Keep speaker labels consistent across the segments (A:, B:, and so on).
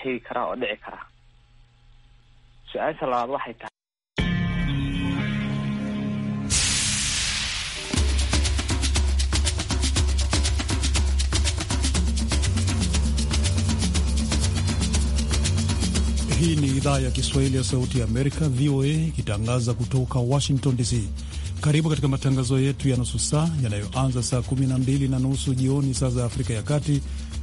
A: sheegi karaa oo dhici karaa su-aasha labaad waxay tahay
B: Hii ni idhaa ya Kiswahili ya Sauti ya Amerika, VOA, ikitangaza kutoka Washington DC. Karibu katika matangazo yetu ya nusu saa yanayoanza saa 12 na nusu jioni saa za Afrika ya Kati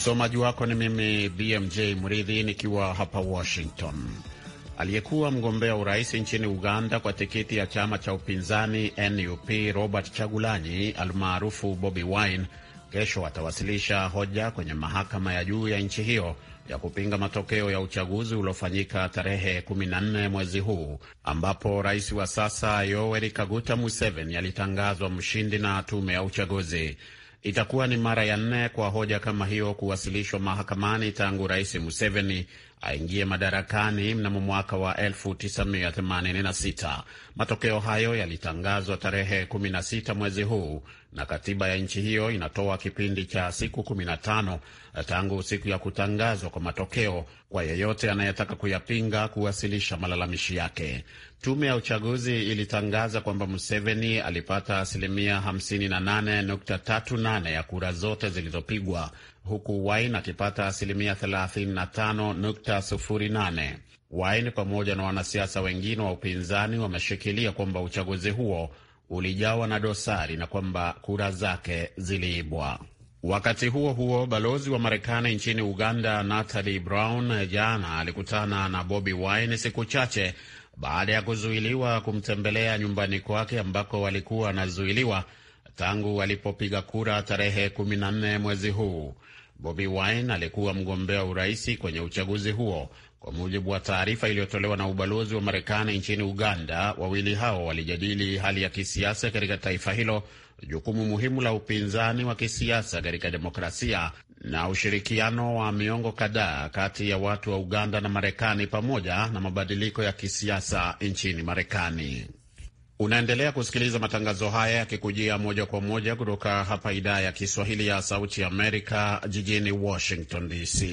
C: Msomaji wako ni mimi BMJ Mridhi nikiwa hapa Washington. Aliyekuwa mgombea urais nchini Uganda kwa tikiti ya chama cha upinzani NUP Robert Chagulanyi almaarufu Bobi Wine kesho atawasilisha hoja kwenye mahakama ya juu ya nchi hiyo ya kupinga matokeo ya uchaguzi uliofanyika tarehe 14 mwezi huu ambapo rais wa sasa Yoweri Kaguta Museveni alitangazwa mshindi na tume ya uchaguzi. Itakuwa ni mara ya nne kwa hoja kama hiyo kuwasilishwa mahakamani tangu Rais Museveni aingie madarakani mnamo mwaka wa 1986. Matokeo hayo yalitangazwa tarehe 16 mwezi huu, na katiba ya nchi hiyo inatoa kipindi cha siku 15 tangu siku ya kutangazwa kwa matokeo kwa yeyote anayetaka kuyapinga kuwasilisha malalamishi yake. Tume ya uchaguzi ilitangaza kwamba Museveni alipata asilimia 58.38 ya kura zote zilizopigwa huku Wine akipata asilimia 35.08. Wine pamoja na wanasiasa wengine wa upinzani wameshikilia kwamba uchaguzi huo ulijawa na dosari na kwamba kura zake ziliibwa. Wakati huo huo, balozi wa Marekani nchini Uganda Natalie Brown jana alikutana na Bobi Wine siku chache baada ya kuzuiliwa kumtembelea nyumbani kwake ambako walikuwa wanazuiliwa tangu walipopiga kura tarehe 14 mwezi huu. Bobi Wine alikuwa mgombea uraisi kwenye uchaguzi huo. Kwa mujibu wa taarifa iliyotolewa na ubalozi wa Marekani nchini Uganda, wawili hao walijadili hali ya kisiasa katika taifa hilo, jukumu muhimu la upinzani wa kisiasa katika demokrasia na ushirikiano wa miongo kadhaa kati ya watu wa Uganda na Marekani pamoja na mabadiliko ya kisiasa nchini Marekani. Unaendelea kusikiliza matangazo haya yakikujia moja kwa moja kutoka hapa idhaa ya Kiswahili ya Sauti ya Amerika jijini Washington DC.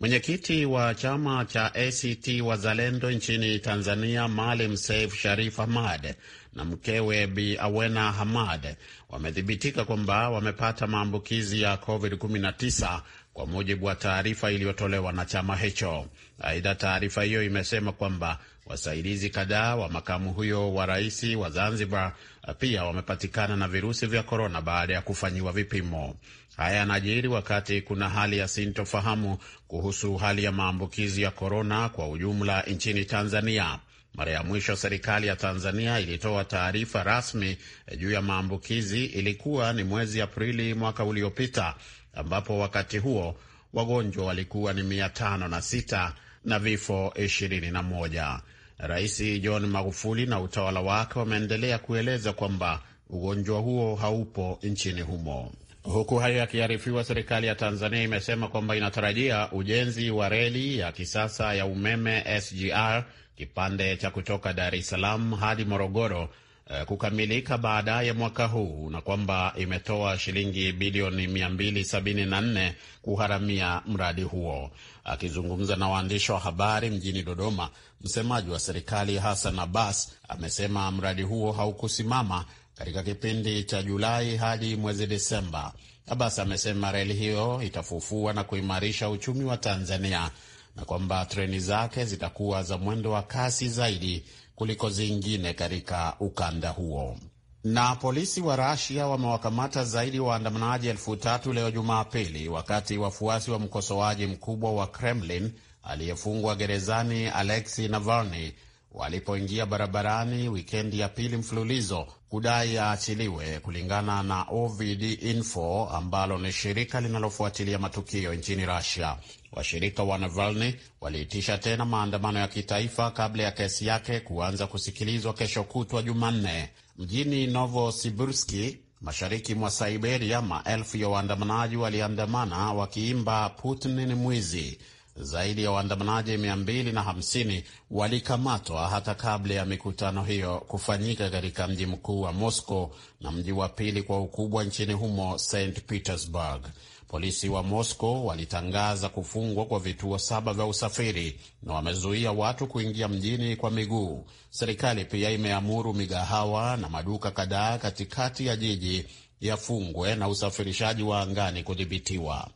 C: Mwenyekiti wa chama cha ACT Wazalendo nchini Tanzania, Maalim Seif Sharif Hamad na mkewe Bi Awena Hamad wamethibitika kwamba wamepata maambukizi ya COVID-19 kwa mujibu wa taarifa iliyotolewa na chama hicho. Aidha, taarifa hiyo imesema kwamba wasaidizi kadhaa wa makamu huyo wa rais wa Zanzibar pia wamepatikana na virusi vya korona baada ya kufanyiwa vipimo. Haya yanajiri wakati kuna hali ya sintofahamu kuhusu hali ya maambukizi ya korona kwa ujumla nchini Tanzania. Mara ya mwisho serikali ya Tanzania ilitoa taarifa rasmi juu ya maambukizi ilikuwa ni mwezi Aprili mwaka uliopita, ambapo wakati huo wagonjwa walikuwa ni mia tano na sita na vifo ishirini na moja. Rais John Magufuli na utawala wake wameendelea kueleza kwamba ugonjwa huo haupo nchini humo. Huku hayo yakiarifiwa, serikali ya Tanzania imesema kwamba inatarajia ujenzi wa reli ya kisasa ya umeme SGR kipande cha kutoka Dar es Salaam hadi Morogoro Eh, kukamilika baadaye mwaka huu na kwamba imetoa shilingi bilioni 274 kuharamia mradi huo. Akizungumza na waandishi wa habari mjini Dodoma, msemaji wa serikali Hassan Abbas amesema mradi huo haukusimama katika kipindi cha Julai hadi mwezi Desemba. Abbas amesema reli hiyo itafufua na kuimarisha uchumi wa Tanzania na kwamba treni zake zitakuwa za mwendo wa kasi zaidi kuliko zingine katika ukanda huo. Na polisi wa Rasia wamewakamata zaidi waandamanaji elfu tatu leo Jumapili, wakati wafuasi wa mkosoaji mkubwa wa Kremlin aliyefungwa gerezani Alexei Navalny walipoingia barabarani wikendi ya pili mfululizo kudai aachiliwe kulingana na OVD Info ambalo ni shirika linalofuatilia matukio nchini Russia. Washirika wa Navalny waliitisha tena maandamano ya kitaifa kabla ya kesi yake kuanza kusikilizwa kesho kutwa Jumanne mjini novosiburski mashariki mwa Siberia. Maelfu ya waandamanaji waliandamana wakiimba Putin ni mwizi zaidi ya waandamanaji 250 walikamatwa hata kabla ya mikutano hiyo kufanyika katika mji mkuu wa Moscow na mji wa pili kwa ukubwa nchini humo St Petersburg. Polisi wa Moscow walitangaza kufungwa kwa vituo saba vya usafiri na wamezuia watu kuingia mjini kwa miguu. Serikali pia imeamuru migahawa na maduka kadhaa katikati ya jiji yafungwe na usafirishaji wa angani kudhibitiwa.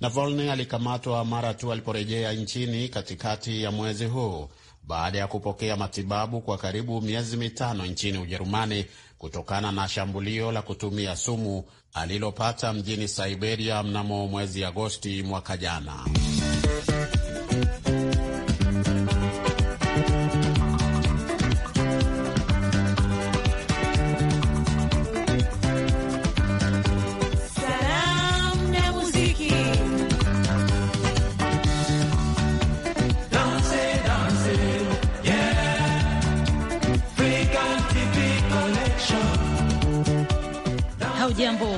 C: Navalny alikamatwa mara tu aliporejea nchini katikati ya mwezi huu baada ya kupokea matibabu kwa karibu miezi mitano nchini Ujerumani kutokana na shambulio la kutumia sumu alilopata mjini Siberia mnamo mwezi Agosti mwaka jana.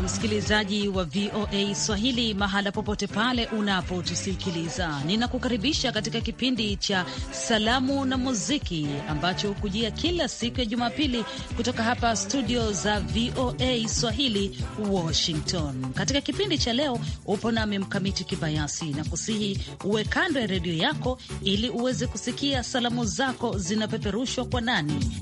D: msikilizaji wa VOA Swahili mahala popote pale unapotusikiliza, ninakukaribisha katika kipindi cha Salamu na Muziki ambacho hukujia kila siku ya Jumapili kutoka hapa studio za VOA Swahili Washington. Katika kipindi cha leo upo nami Mkamiti Kibayasi na kusihi uwe kando ya redio yako ili uweze kusikia salamu zako zinapeperushwa kwa nani.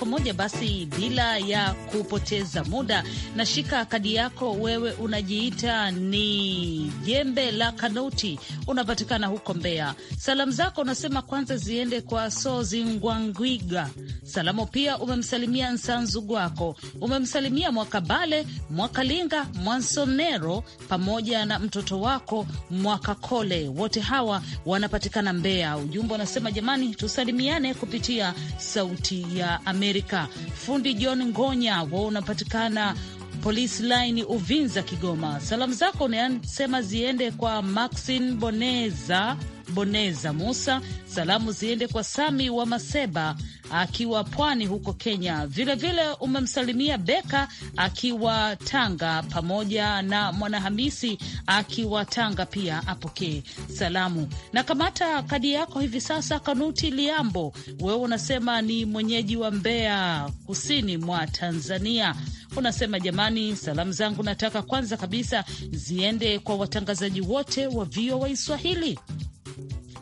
D: kwa moja basi, bila ya kupoteza muda, nashika kadi yako. Wewe unajiita ni jembe la Kanoti, unapatikana huko Mbeya. Salamu zako unasema kwanza ziende kwa Sozi Ngwangwiga. Salamu pia umemsalimia Gwako, umemsalimia Mwakabale, Mwakalinga, Mwansonero pamoja na mtoto wako Mwakakole. Wote hawa wanapatikana Mbeya. Ujumbe unasema jamani, tusalimiane kupitia Sauti ya Amerika. Amerika. Fundi John Ngonya wa unapatikana polisi Line Uvinza, Kigoma. Salamu zako unasema ziende kwa Maxin Boneza Boneza Musa. Salamu ziende kwa Sami wa Maseba akiwa Pwani huko Kenya. Vilevile vile umemsalimia Beka akiwa Tanga, pamoja na Mwanahamisi akiwa Tanga pia apokee salamu. Na kamata kadi yako hivi sasa, Kanuti Liambo, wewe unasema ni mwenyeji wa Mbeya, kusini mwa Tanzania. Unasema jamani, salamu zangu nataka kwanza kabisa ziende kwa watangazaji wote wa VOA Swahili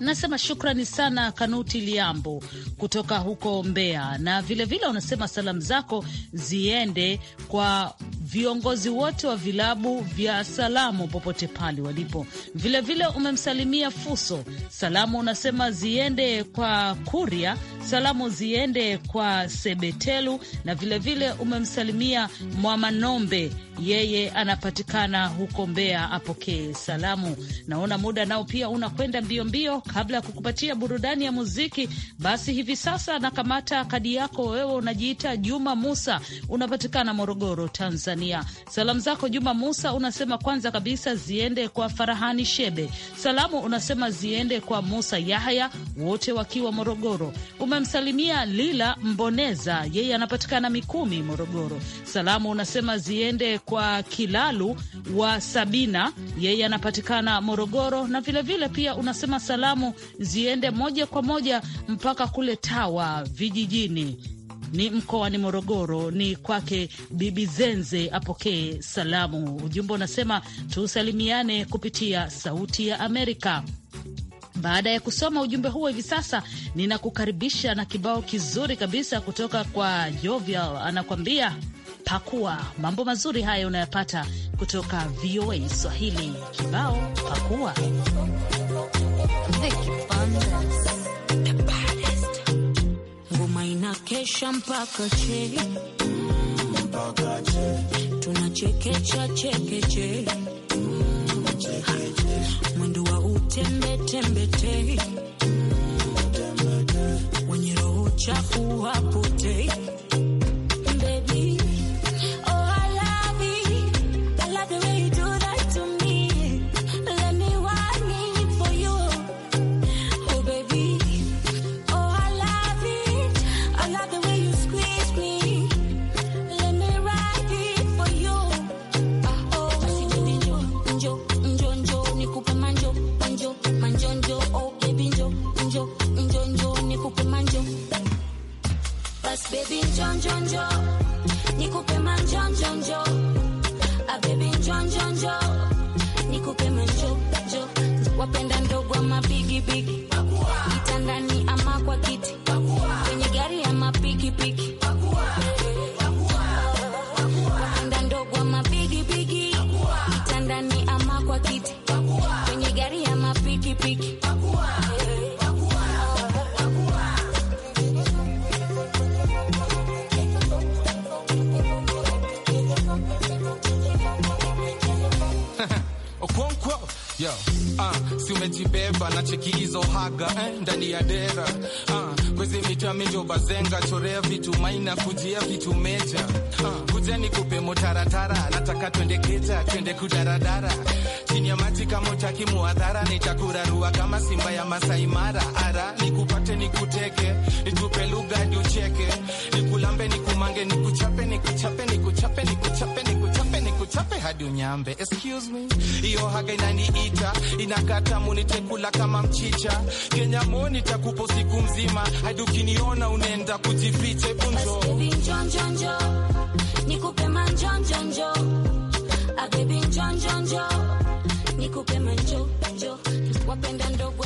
D: Nasema shukrani sana Kanuti Liambo kutoka huko Mbeya, na vilevile unasema vile salamu zako ziende kwa viongozi wote wa vilabu vya salamu popote pale walipo. Vilevile vile umemsalimia Fuso, salamu unasema ziende kwa Kuria, salamu ziende kwa Sebetelu na vilevile vile umemsalimia Mwamanombe yeye anapatikana huko Mbeya, apokee salamu. Naona muda nao pia unakwenda mbio mbio. Kabla ya kukupatia burudani ya muziki, basi hivi sasa nakamata kadi yako. Wewe unajiita Juma Musa, unapatikana Morogoro, Tanzania. Salamu zako Juma Musa unasema kwanza kabisa ziende kwa Farahani Shebe, salamu unasema ziende kwa Musa Yahya, wote wakiwa Morogoro. Umemsalimia Lila Mboneza, yeye anapatikana Mikumi, Morogoro. Salamu unasema ziende kwa Kilalu wa Sabina, yeye anapatikana Morogoro, na vilevile vile pia unasema salamu ziende moja kwa moja mpaka kule Tawa vijijini ni mkoani Morogoro, ni kwake Bibi Zenze apokee salamu. Ujumbe unasema tusalimiane kupitia Sauti ya Amerika. Baada ya kusoma ujumbe huo, hivi sasa ninakukaribisha na kibao kizuri kabisa kutoka kwa Jovial, anakuambia Pakua. Mambo mazuri haya unayapata kutoka VOA Swahili. Kibao pakua
E: ngoma inakesha mpaka che tunachekecha chekeche mwendo wa utembetembete wenye roho chafu hapotei
A: Unacheki hizo haga eh, ndani ya dera uh, kwezi mita mijo bazenga chorea vitu maina kujia vitu meja uh, ah, kuja ni kupe motaratara nataka twende keja twende kudaradara chini ya maji kama utaki muadhara nitakurarua kama simba ya Masai Mara ara nikupate nikuteke nitupe lugha hadi ucheke nikulambe nikumange nikuchape nikuchape nikuchape nikuchape, nikuchape, nikuchape uchape hadi unyambe. Excuse me, hiyo haga inaniita inakata munitekula kama mchicha Kenya moni takupo siku mzima hadi ukiniona unaenda kujificha
E: punjo nikupe manjonjonjo ah, abebi njonjonjo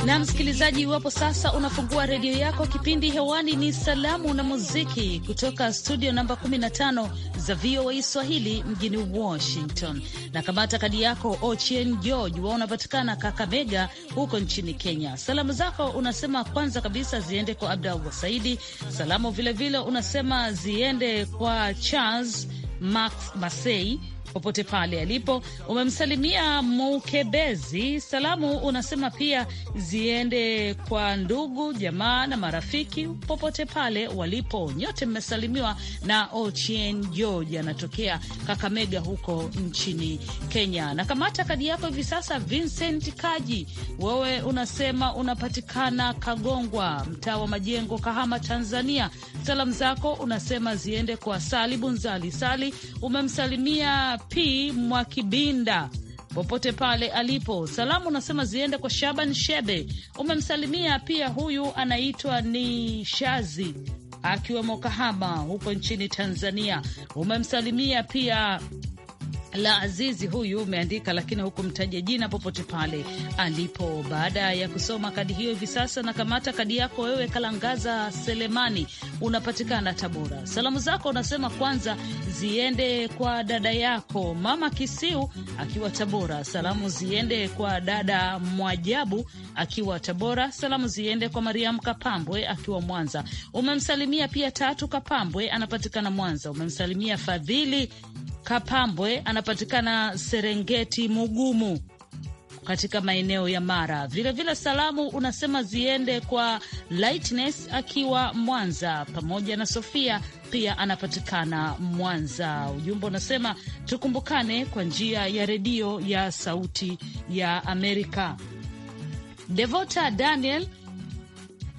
D: na msikilizaji, iwapo sasa unafungua redio yako, kipindi hewani ni salamu na muziki kutoka studio namba 15 za VOA Swahili mjini Washington. Na kamata kadi yako, ochn George wa unapatikana Kakamega huko nchini Kenya. Salamu zako unasema kwanza kabisa ziende kwa Abdallah Saidi. Salamu vilevile vile unasema ziende kwa Charles Max Masei popote pale alipo. Umemsalimia Mukebezi, salamu unasema pia ziende kwa ndugu jamaa na marafiki popote pale walipo. Nyote mmesalimiwa na Ochien George, anatokea Kakamega huko nchini Kenya. Na kamata kadi yako hivi sasa, Vincent Kaji, wewe unasema unapatikana Kagongwa, mtaa wa Majengo, Kahama, Tanzania. Salamu zako unasema ziende kwa Sali Bunzali Sali. Umemsalimia P Mwakibinda popote pale alipo. Salamu unasema ziende kwa Shaban Shebe, umemsalimia pia huyu anaitwa ni Shazi akiwemo Kahama huko nchini Tanzania. Umemsalimia pia la Azizi huyu umeandika lakini hukumtaja jina popote pale alipo. Baada ya kusoma kadi hiyo, hivi sasa nakamata kadi yako wewe, Kalangaza Selemani, unapatikana Tabora. Salamu zako unasema kwanza ziende kwa dada yako mama Kisiu akiwa Tabora. Salamu ziende kwa dada Mwajabu akiwa Tabora. Salamu ziende kwa mariam Kapambwe akiwa Mwanza. Umemsalimia pia Tatu Kapambwe, anapatikana Mwanza. Umemsalimia Fadhili Kapambwe, anapatikana tunapatikana Serengeti Mugumu katika maeneo ya Mara. Vilevile salamu unasema ziende kwa Lightness akiwa Mwanza, pamoja na Sofia pia anapatikana Mwanza. Ujumbe unasema tukumbukane kwa njia ya redio ya Sauti ya Amerika. Devota Daniel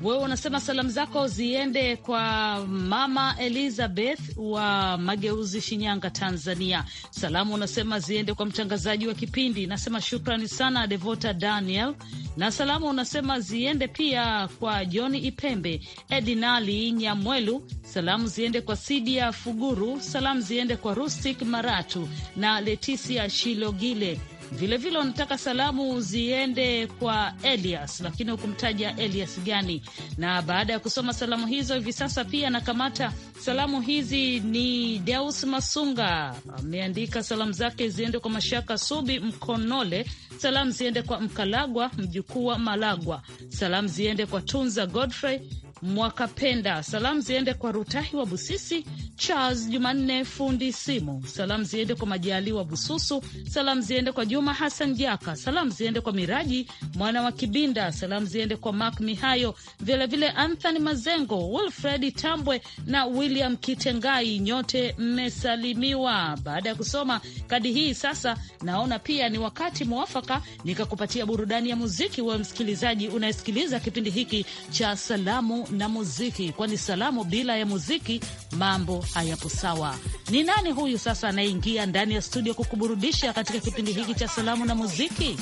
D: wewe unasema salamu zako ziende kwa mama Elizabeth wa Mageuzi, Shinyanga, Tanzania. Salamu unasema ziende kwa mtangazaji wa kipindi, nasema shukrani sana Devota Daniel, na salamu unasema ziende pia kwa johni Ipembe, Edinali Nyamwelu. Salamu ziende kwa Sidia Fuguru. Salamu ziende kwa Rustic Maratu na Letisia Shilogile. Vilevile wanataka salamu ziende kwa Elias, lakini hukumtaja Elias gani. Na baada ya kusoma salamu hizo, hivi sasa pia anakamata salamu hizi. Ni Deus Masunga ameandika salamu zake ziende kwa Mashaka Subi Mkonole, salamu ziende kwa Mkalagwa mjukuu wa Malagwa, salamu ziende kwa Tunza Godfrey Mwakapenda, salamu ziende kwa Rutahi wa Busisi Charles Jumanne fundi simu. Salamu ziende kwa Majaliwa Bususu, salamu ziende kwa Juma Hassan Jaka, salamu ziende kwa Miraji mwana wa Kibinda, salamu ziende kwa Mark Mihayo, vilevile Anthony Mazengo, wilfred Tambwe na William Kitengai, nyote mmesalimiwa. Baada ya kusoma kadi hii, sasa naona pia ni wakati mwafaka nikakupatia burudani ya muziki. wa msikilizaji unayesikiliza kipindi hiki cha salamu na muziki, kwani salamu bila ya muziki mambo hayapo sawa. Ni nani huyu sasa anayeingia ndani ya studio kukuburudisha katika kipindi hiki cha salamu na muziki?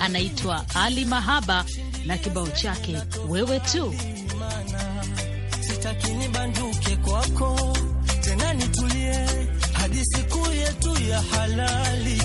D: Anaitwa Ali Mahaba na kibao chake wewe tu.
A: Sitaki nibanduke kwako tena, nitulie hadi siku yetu ya halali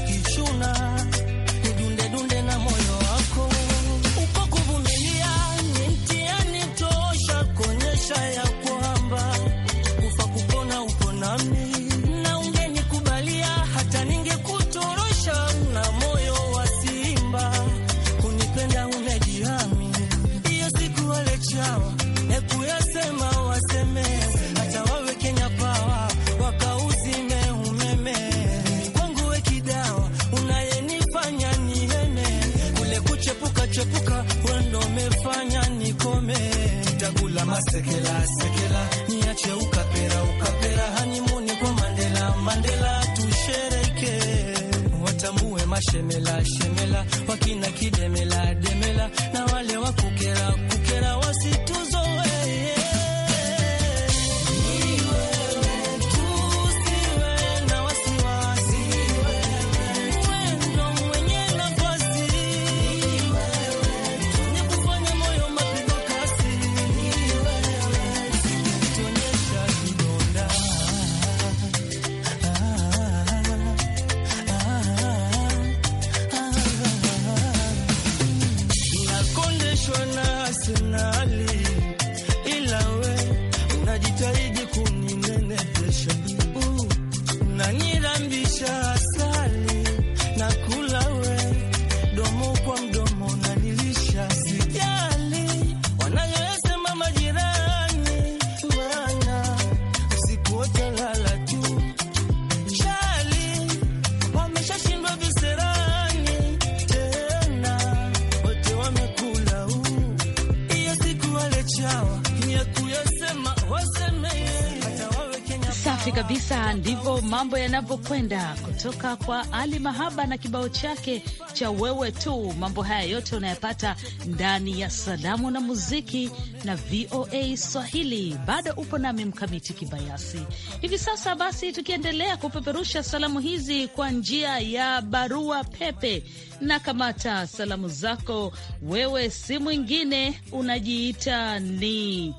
D: Safi kabisa, ndivyo mambo yanavyokwenda kutoka kwa Ali Mahaba na kibao chake cha wewe tu. Mambo haya yote unayapata ndani ya salamu na muziki na VOA Swahili. Bado upo nami Mkamiti Kibayasi hivi sasa. Basi tukiendelea kupeperusha salamu hizi kwa njia ya barua pepe, na kamata salamu zako wewe, si mwingine unajiita ni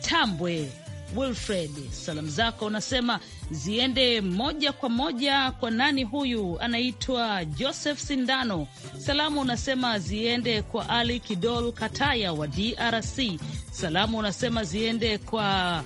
D: Tambwe Wilfred, salamu zako unasema ziende moja kwa moja kwa nani huyu anaitwa Joseph Sindano. Salamu unasema ziende kwa Ali Kidol Kataya wa DRC. Salamu unasema ziende kwa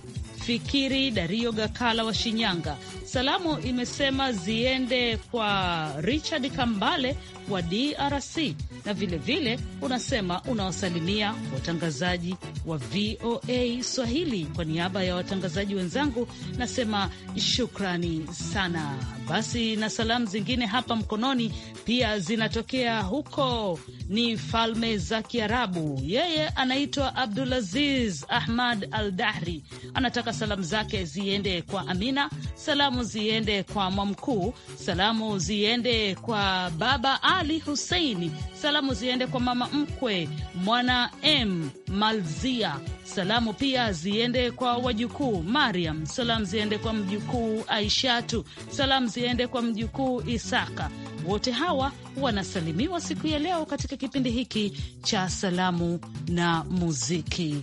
D: Fikiri Dario Gakala wa Shinyanga. Salamu imesema ziende kwa Richard Kambale wa DRC na vilevile vile, unasema unawasalimia watangazaji wa VOA Swahili. Kwa niaba ya watangazaji wenzangu nasema shukrani sana. Basi na salamu zingine hapa mkononi pia zinatokea huko, ni Falme za Kiarabu. Yeye anaitwa Abdulaziz Ahmad Al Dahri, anataka salamu zake ziende kwa Amina. Salamu ziende kwa mwamkuu, salamu ziende kwa baba Ali Huseini, salamu ziende kwa mama mkwe mwana M Malzia, salamu pia ziende kwa wajukuu Mariam, salamu ziende kwa mjukuu Aishatu, salamu ziende kwa mjukuu Isaka. Wote hawa wanasalimiwa siku ya leo katika kipindi hiki cha salamu na muziki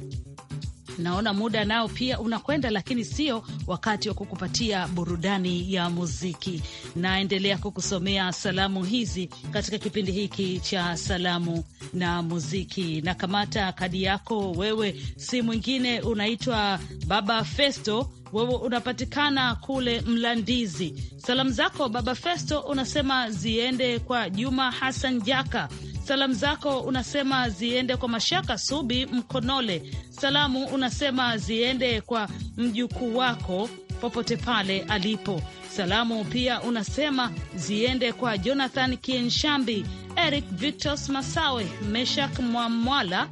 D: naona muda nao pia unakwenda, lakini sio wakati wa kukupatia burudani ya muziki. Naendelea kukusomea salamu hizi katika kipindi hiki cha salamu na muziki, na kamata kadi yako wewe, si mwingine unaitwa Baba Festo wewe unapatikana kule Mlandizi. Salamu zako Baba Festo unasema ziende kwa Juma Hassan Jaka, Salamu zako unasema ziende kwa Mashaka Subi Mkonole. Salamu unasema ziende kwa mjukuu wako popote pale alipo. Salamu pia unasema ziende kwa Jonathan Kienshambi, Eric Victos Masawe, Meshak Mwamwala,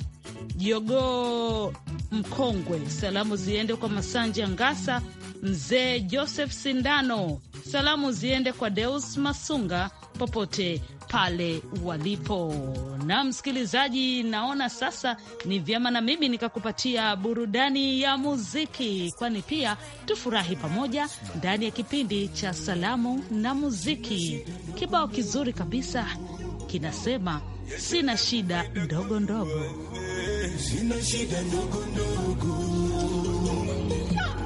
D: jogo Mkongwe. Salamu ziende kwa Masanja Ngasa mzee Joseph Sindano. Salamu ziende kwa Deus Masunga popote pale walipo. Na msikilizaji, naona sasa ni vyema na mimi nikakupatia burudani ya muziki, kwani pia tufurahi pamoja ndani ya kipindi cha salamu na muziki. Kibao kizuri kabisa kinasema sina shida ndogo ndogo,
F: sina shida ndogo ndogo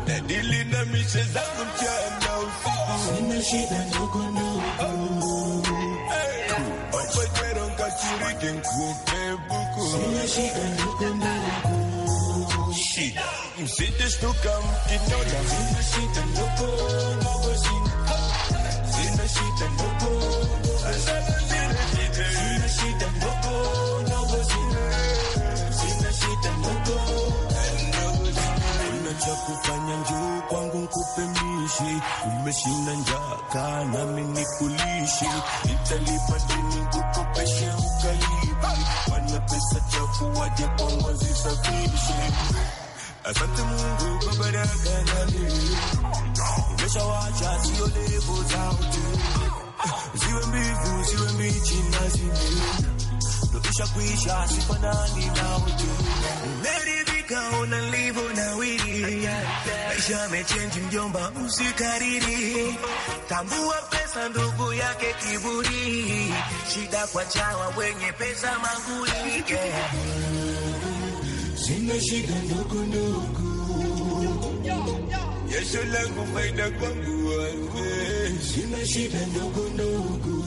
F: Dadili na mishe zangu mchana usiku. Sina shida ndogo ndogo. Opejero nkashiriki nkupe buku. Sina shida ndogo ndogo. Shida. Msite shtuka mkiniona. Sina shida ndogo ndogo. cha kufanya njoo kwangu nkupe mishi, umeshinda njaa kaa nami nikulishi, nitalipa deni kukopeshe ukalipa, wana pesa chafu waje kwangu wazisafishe. Asante Mungu kwa baraka nami umeshawacha, sio lebo za hoteli ziwe mbivu ziwe mbichi na zingine ndo kisha kuisha sifanani na wengine, nimeridhika una usikariri, maisha yamechenji mjomba, usikariri. Tambua pesa ndugu yake kiburi, shida kwa chawa wenye pesa manguli. Sina shida ndogo ndogo, jasho langu faida kwangu wewe. Sina shida ndogo ndogo,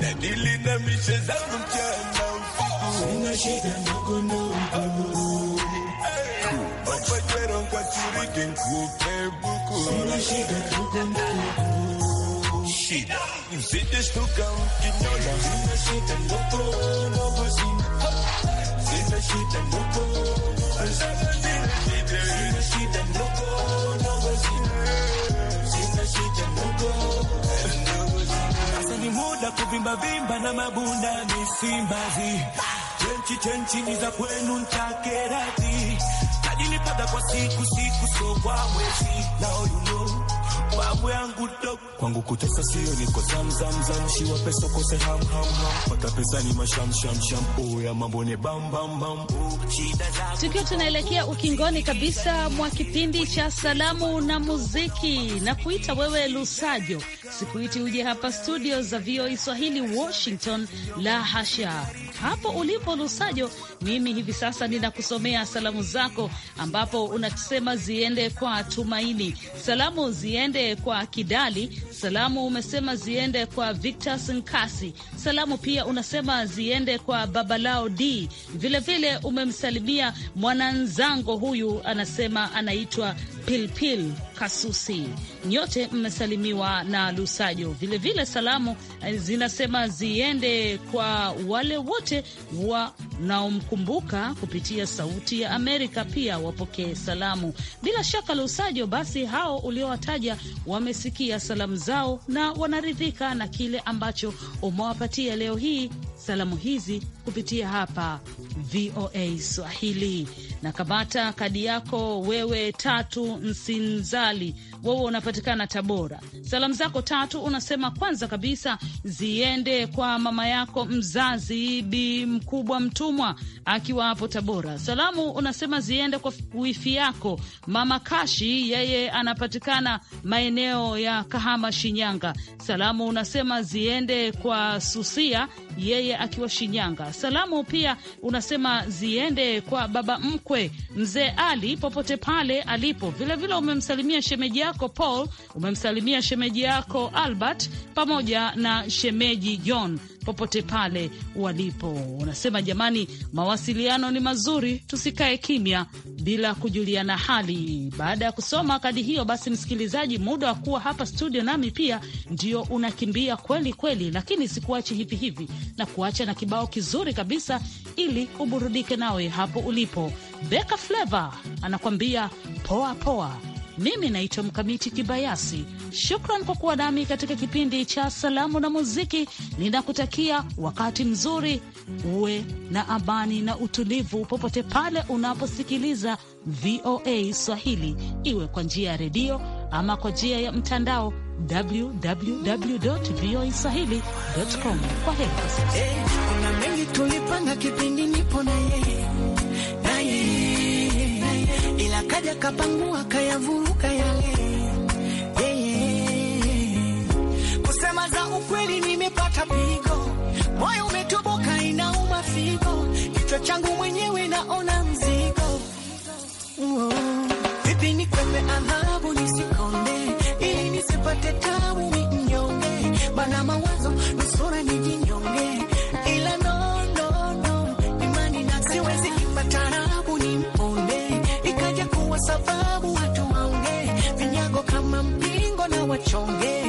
F: nadili na mishe zangu mchana usiku. Sina shida ndogo ndogo Shida, mzidi shtuka ukinyola, sina shida ndogo ndogo, sina shida ndogo, sina shida ndogo ndogo, sina shida ni muda kuvimba vimba na mabunda misimbazi, chenchi chenchi ni za kwenu ntakerati kwa siku siku so now you know babu yangu dog
B: kwangu kutesa
F: sio ni kwa zam zam zam pesa kose ham ham ham pata pesa ni masham sham sham oh ya mambo bam bam bam
D: Tukiwa tunaelekea ukingoni kabisa mwa kipindi cha salamu na muziki, na kuita wewe Lusajo, sikuiti uje hapa studio za VOA Swahili Washington, la hasha hapo ulipo Lusajo, mimi hivi sasa ninakusomea salamu zako, ambapo unasema ziende kwa Tumaini, salamu ziende kwa Kidali, salamu umesema ziende kwa Victor Sinkasi, salamu pia unasema ziende kwa Babalao D. Vilevile umemsalimia mwananzango huyu, anasema anaitwa Pilpil Kasusi, nyote mmesalimiwa na Lusajo. Vilevile vile salamu eh, zinasema ziende kwa wale wote wanaomkumbuka kupitia Sauti ya Amerika, pia wapokee salamu. Bila shaka Lusajo, basi hao uliowataja wamesikia salamu zao na wanaridhika na kile ambacho umewapatia leo hii, salamu hizi kupitia hapa VOA Swahili na kadi yako wewe tatu Msinzali wewe unapatikana Tabora. Salamu zako tatu unasema kwanza kabisa ziende kwa mama yako mzazi Bi Mkubwa Mtumwa akiwa hapo Tabora. Salamu unasema ziende kwa wifi yako mama Kashi, yeye anapatikana maeneo ya Kahama, Shinyanga. Salamu unasema ziende kwa Susia, yeye akiwa Shinyanga. Salamu pia unasema ziende kwa baba mkwe mzee Ali popote pale alipo, vilevile umemsalimia shemeji yako Paul umemsalimia shemeji yako Albert pamoja na shemeji John popote pale walipo. Unasema jamani, mawasiliano ni mazuri, tusikae kimya bila kujuliana hali. Baada ya kusoma kadi hiyo, basi msikilizaji, muda wa kuwa hapa studio nami pia ndio unakimbia kweli kweli, lakini sikuachi hivi hivi, na kuacha na kibao kizuri kabisa ili uburudike nawe hapo ulipo. Beka Fleva anakwambia poa poa. Mimi naitwa Mkamiti Kibayasi. Shukran kwa kuwa nami katika kipindi cha salamu na muziki. Ninakutakia wakati mzuri, uwe na amani na utulivu popote pale unaposikiliza VOA Swahili, iwe kwa njia ya redio ama kwa njia ya mtandao www.voaswahili.com. Kwa heri kwa sasa. Hey, kuna mengi tulipanga kipindi nipo na yeye mmoja
A: kapangua kayavuruka yale yeah, yeah. Kusema za ukweli nimepata pigo, moyo umetoboka inauma figo, kichwa changu mwenyewe naona mzigo uh -oh. Vipi nikwepe adhabu nisikonde, ili nisipate tabu minyonge, mana mawazo 重叠。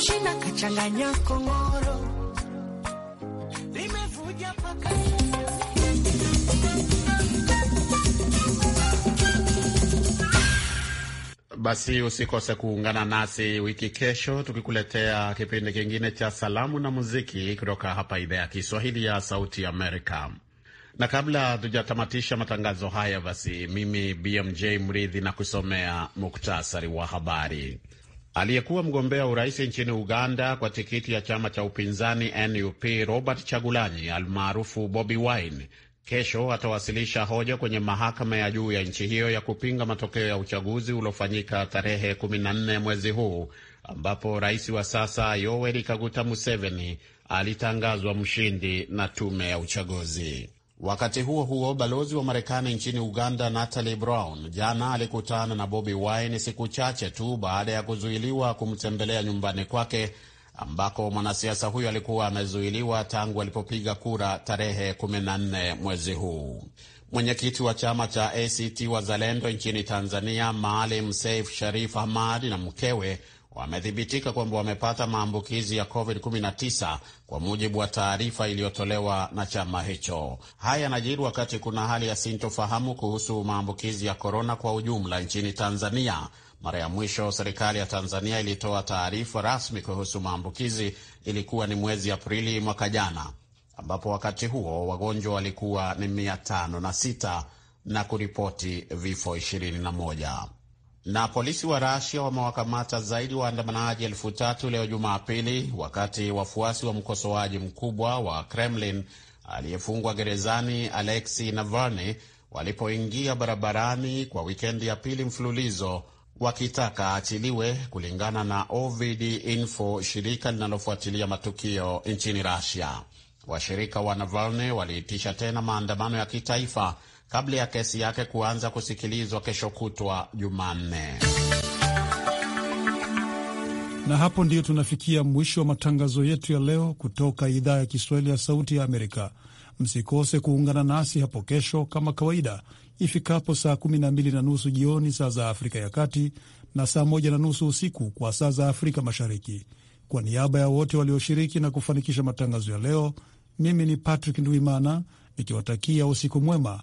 A: kachanganya kongoro limevuja paka
C: Basi usikose kuungana nasi wiki kesho, tukikuletea kipindi kingine cha salamu na muziki kutoka hapa idhaa ya Kiswahili ya Sauti Amerika. Na kabla tujatamatisha matangazo haya, basi mimi BMJ Mridhi na kusomea muktasari wa habari. Aliyekuwa mgombea urais nchini Uganda kwa tikiti ya chama cha upinzani NUP Robert Chagulanyi almaarufu Bobi Wine kesho atawasilisha hoja kwenye mahakama ya juu ya nchi hiyo ya kupinga matokeo ya uchaguzi uliofanyika tarehe 14 mwezi huu ambapo rais wa sasa Yoweri Kaguta Museveni alitangazwa mshindi na tume ya uchaguzi. Wakati huo huo, balozi wa Marekani nchini Uganda Natalie Brown jana alikutana na Bobi Wine siku chache tu baada ya kuzuiliwa kumtembelea nyumbani kwake ambako mwanasiasa huyo alikuwa amezuiliwa tangu alipopiga kura tarehe 14 mwezi huu. Mwenyekiti wa chama cha ACT Wazalendo nchini Tanzania, Maalim Seif Sharif Hamad na mkewe wamethibitika kwamba wamepata maambukizi ya COVID-19 kwa mujibu wa taarifa iliyotolewa na chama hicho. Haya yanajiri wakati kuna hali ya sintofahamu kuhusu maambukizi ya korona kwa ujumla nchini Tanzania. Mara ya mwisho serikali ya Tanzania ilitoa taarifa rasmi kuhusu maambukizi ilikuwa ni mwezi Aprili mwaka jana, ambapo wakati huo wagonjwa walikuwa ni 506 na kuripoti vifo 21. Na polisi wa Rasia wamewakamata zaidi waandamanaji elfu tatu leo Jumapili, wakati wafuasi wa mkosoaji mkubwa wa Kremlin aliyefungwa gerezani Alexei Navalny walipoingia barabarani kwa wikendi ya pili mfululizo wakitaka aachiliwe, kulingana na Ovid Info, shirika linalofuatilia matukio nchini Rasia. Washirika wa Navalny waliitisha tena maandamano ya kitaifa kabla ya kesi yake kuanza kusikilizwa kesho kutwa Jumanne.
B: Na hapo ndiyo tunafikia mwisho wa matangazo yetu ya leo kutoka idhaa ya Kiswahili ya Sauti ya Amerika. Msikose kuungana nasi hapo kesho kama kawaida ifikapo saa 12 na nusu jioni saa za Afrika ya Kati na saa moja na nusu usiku kwa saa za Afrika Mashariki. Kwa niaba ya wote walioshiriki na kufanikisha matangazo ya leo, mimi ni Patrick Ndwimana nikiwatakia usiku mwema